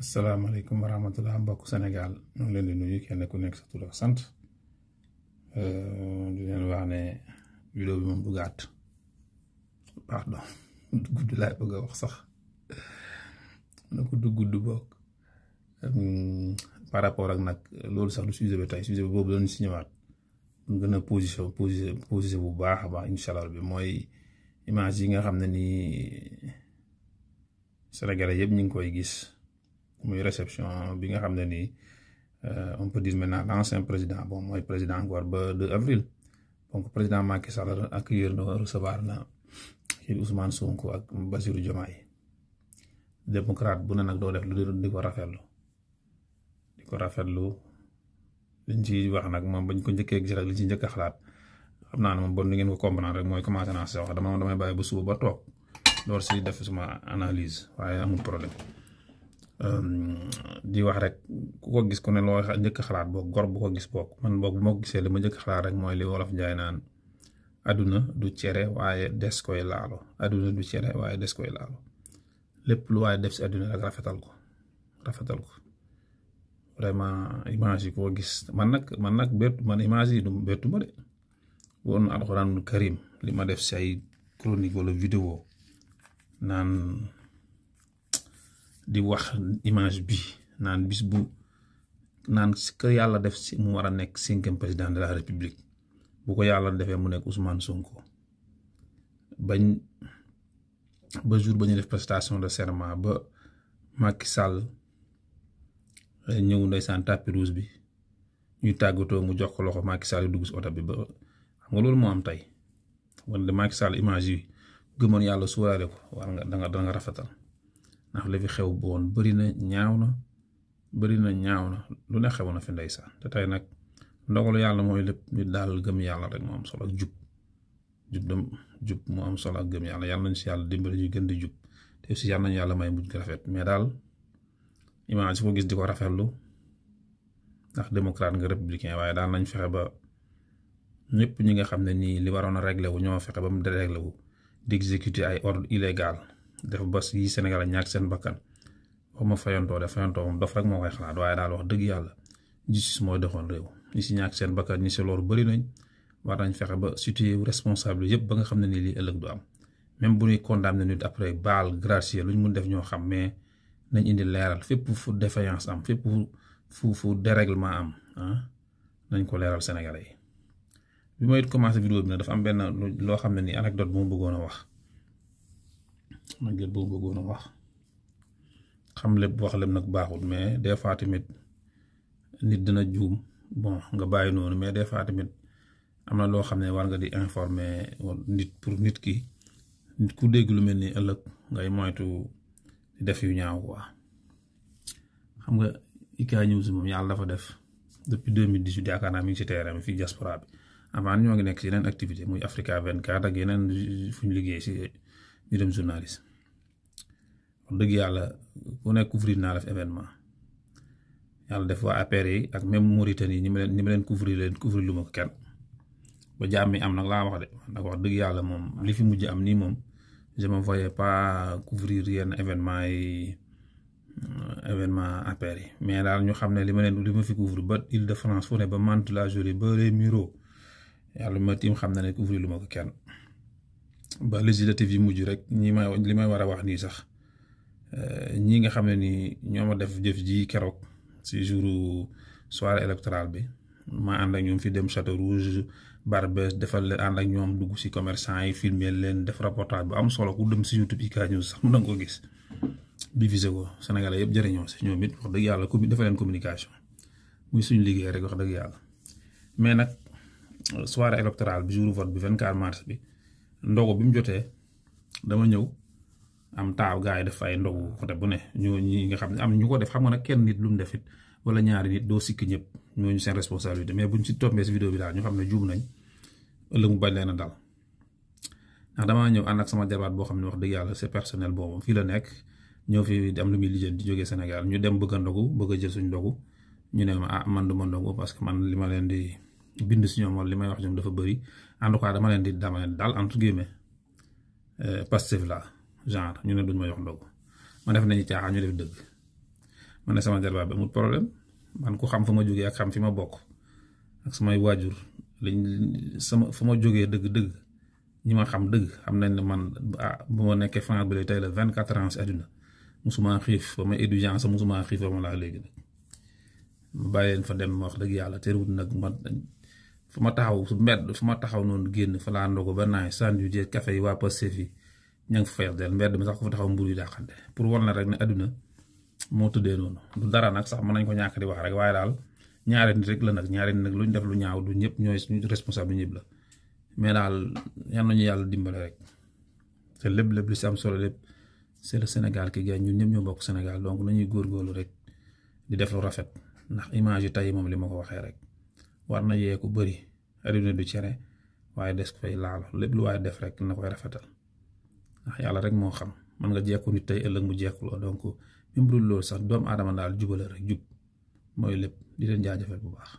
asalaamaaleykum wa rahmatulah mbokk Sénégal ñu ngi leen di nuyu kenn ku nekk sa tur ak sant euh, di leen wax ne vidéo bi moom du gàtt pardon du gudd laay bëgg a wax sax na gudd du gudd bokk euh, par rapport ak nag loolu sax du sujet bi tey sujet bi boobu doon si ñëwaat mu gën a position position bu baax a baax incha allah bi mooy image yi nga xam ne nii Sénégalais yëpp ñu ngi koy gis. muy réception bi nga xam ne nii euh, on peut dire maintenant l'ancien président bon mooy président encore ba 2 avril donc président Macky Sall accueillir na recevoir na Ousmane Sonko ak Bassirou Diomaye démocrate bu ne nag doo def lu di ko rafetlu di ko rafetlu liñ ci wax nag moom bañ ko njëkkee gis li ci njëkk a xalaat xam naa na moom bon ni ngeen ko comprendre rek mooy commencé naa si wax dama damay bàyyi ba suba ba toog door si def suma analyse waaye amul problème Ehm, di wax rek ku ko gis ku ne loo njëkk xalaat boo gor bu ko gis boog man boog bu ma ko gisee li ma njëkk xalaat rek mooy li wolof njaay naan aduna du cere waaye des koy laalo aduna du cere waaye des koy laalo lépp lu waaye def si aduna rek rafetal ko rafetal ko vraiment image yi ko gis man nag man nag bettu man image yi du bettu ma de woon alxuraanul karim li ma def say ay chronique wala vidéo naan di wax image bi naan bis bu naan que yàlla def si mu war a nekk cinquième président de la république bu ko yàlla defee mu nekk Ousmane Sonko bañ ba jour ba ñu def prestation de serment ba Macky Sall eh, ñëw ndeysaan tapis rouge bi ñuy tàggatoo mu jox ko loxo Macky Sall dugg si oto bi ba xam nga loolu moo am tey wala Macky Sall image yi gëmoon yàlla suuraale ko war nga da nga da nga rafetal. ndax li xew boon bëri na ñaaw na bëri na ñaaw na lu ne xew na fi ndeysaan te tey nag ndogalu yàlla mooy lépp ñu daal gëm yàlla rek moo am solo ak jub jub dem jub moo am solo ak gëm yàlla yàlla nañ si yàlla dimbali ñu gën di jub te aussi yàlla nañ yàlla may mujj rafet mais daal image si ko gis di ko rafetlu ndax démocrate nga républicain waaye daal nañ fexe ba ñëpp ñi nga xam ne nii li waroon a réglé wu ñoo fexe ba mu déréglé wu di exécuter ay ordre illégal def ba yi Sénégal ñàkk seen bakkan waxuma fayantoo de fayantoo moom dof rek moo koy xalaat waaye daal wax dëgg yàlla justice mooy dexoon réew ñi si ñàkk seen bakkan ñi si loolu bari nañ war nañ fexe ba situé responsable yëpp ba nga xam ne ni lii ëllëg du am même bu ñuy condamné nit après baal gracier lu ñu mun def ñoo xam mais nañ indi leeral fépp fu défaillance am fépp fu fu déréglement am ah nañ ko leeral Sénégalais yi bi may commencé vidéo bi loo xam ne ni anecdote bu bëggoon a wax man lépp boo bëggoon a wax xam lépp wax lépp nag baaxul mais des fois tamit nit dana juum bon nga bàyyi noonu mais des fois tamit am na loo xam ne war nga di informer nit pour nit ki nit ku dégg lu mel ni ëllëg ngay moytu def yu ñaaw quoi xam nga Ika News moom yàlla dafa def depuis deux mille dix-huit yaakaar naa mi ngi ci terrain bi fii diaspora bi avant ñoo ngi nekk ci yeneen activité muy Africa 24 ak yeneen fu ñu liggéey ci ñu dem journaliste wax dëgg yàlla ku nekk couvrir naa def événement yàlla def waa APR yi ak même Mauritanie ñi ma leen ñi ma leen couvrir leen couvrir lu ma ko kenn ba jàmm mi am nag laa wax de ndax wax dëgg yàlla moom li fi mujj am nii moom je me voyais pas couvrir yenn événement yi euh, événement APR yi mais daal ñu xam ne li ma leen li ma fi couvrir ba Île-de-France fu ne ba mant la Jolie ba les Mureaux yàlla ma tiim xam na ne couvrir lu ma ko kenn ba législative yi mujj rek ñi may li may war a wax nii sax eh, ñi nga xam ne ni ñoo ma def jëf ji keroog si jour soirée électorale bi ma ànd ak ñoom fi dem Château Rouge Barbès defal leen ànd ak ñoom dugg si commercant yi filmer leen def reportage bu am solo ku dem si YouTube yi kaa ñëw sax mun na nga ko gis diviser ko Sénégalais yëpp jëriñoo si ñoom it wax dëgg yàlla commu defal leen communication muy suñ liggéey rek wax dëgg yàlla mais nag soirée électorale bi jour vote bi 24 mars bi. ndogu bi mu jotee dama ñëw am taaw gars yi def ay ndogu côté bu ne ñoo ñi nga xam ne am ñu ko def xam nga nag kenn nit lu mu def it wala ñaari nit doo sikk ñëpp ñooñu seen responsabilité mais bu buñ si tombee si vidéo bi daal ñu xam ne juum nañ ëllëg mu bañ leen a dal ndax damaa ñëw an ak sama jabaat boo xam ne wax dëgg yàlla c'est personnel boobu fii la nekk ñoo fi am lu muy lijjanti di jógee Sénégal ñu dem bëgg a ndogu bëgg a jël suñ ndogu ñu ne ah man du ma bind si ñoom wala li may wax ñoom dafa bëri en tout cas dama leen di dama leen daal entre guillemets euh, Pastef la genre ñu ne duñ ma jox ndogu ma def nañu caaxaan ñu def dëgg ma ne sama jarbaab bi amul problème man ku xam fa ma jógee ak xam fi ma bokk ak may waajur lañ sama fa ma jógee dëgg-dëgg ñu ma xam dëgg xam nañ ne man ah bu ma nekkee France bi tey la vingt quatre ans si àdduna musuma xiif ba ma étudiant sa musuma xiif ba ma laa léegi nag ma bàyyi leen fa dem wax dëgg yàlla teewul nag man. fu ma taxaw su mbedd fu ma taxaw noonu génn fa laa ndogu ba naay sandwich yi café yi waa Pastef yi ña ngi fa feex del mbedd mi sax ku fa taxaw mburu yi dàqante pour wan la rek ne adduna moo tëddee noonu du dara nag sax man nañ ko ñàkk di wax rek waaye daal ñaari nit rek la nag ñaaree nit nag lu ñu def lu ñaaw du ñëpp ñooy suñu responsable ñëpp la mais daal yal nañu yàlla dimbale rek te lépp lépp lu si am solo lépp c'est Sénégal ki gagne ñun ñëpp ñoo bokk Sénégal donc nañuy góorgóorlu rek di def lu rafet ndax image yi tey moom li ma ko waxee rek. war na yee ku bëri àddina du cere waaye des ko fay laalo lépp lu waaye def rek na koy rafetal ndax yàlla rek moo xam mën nga jekku nit tey ëllëg mu jekkuloo donc même bu loolu sax doomu aadama daal jubala rek jub mooy lépp di leen jaajëfal bu baax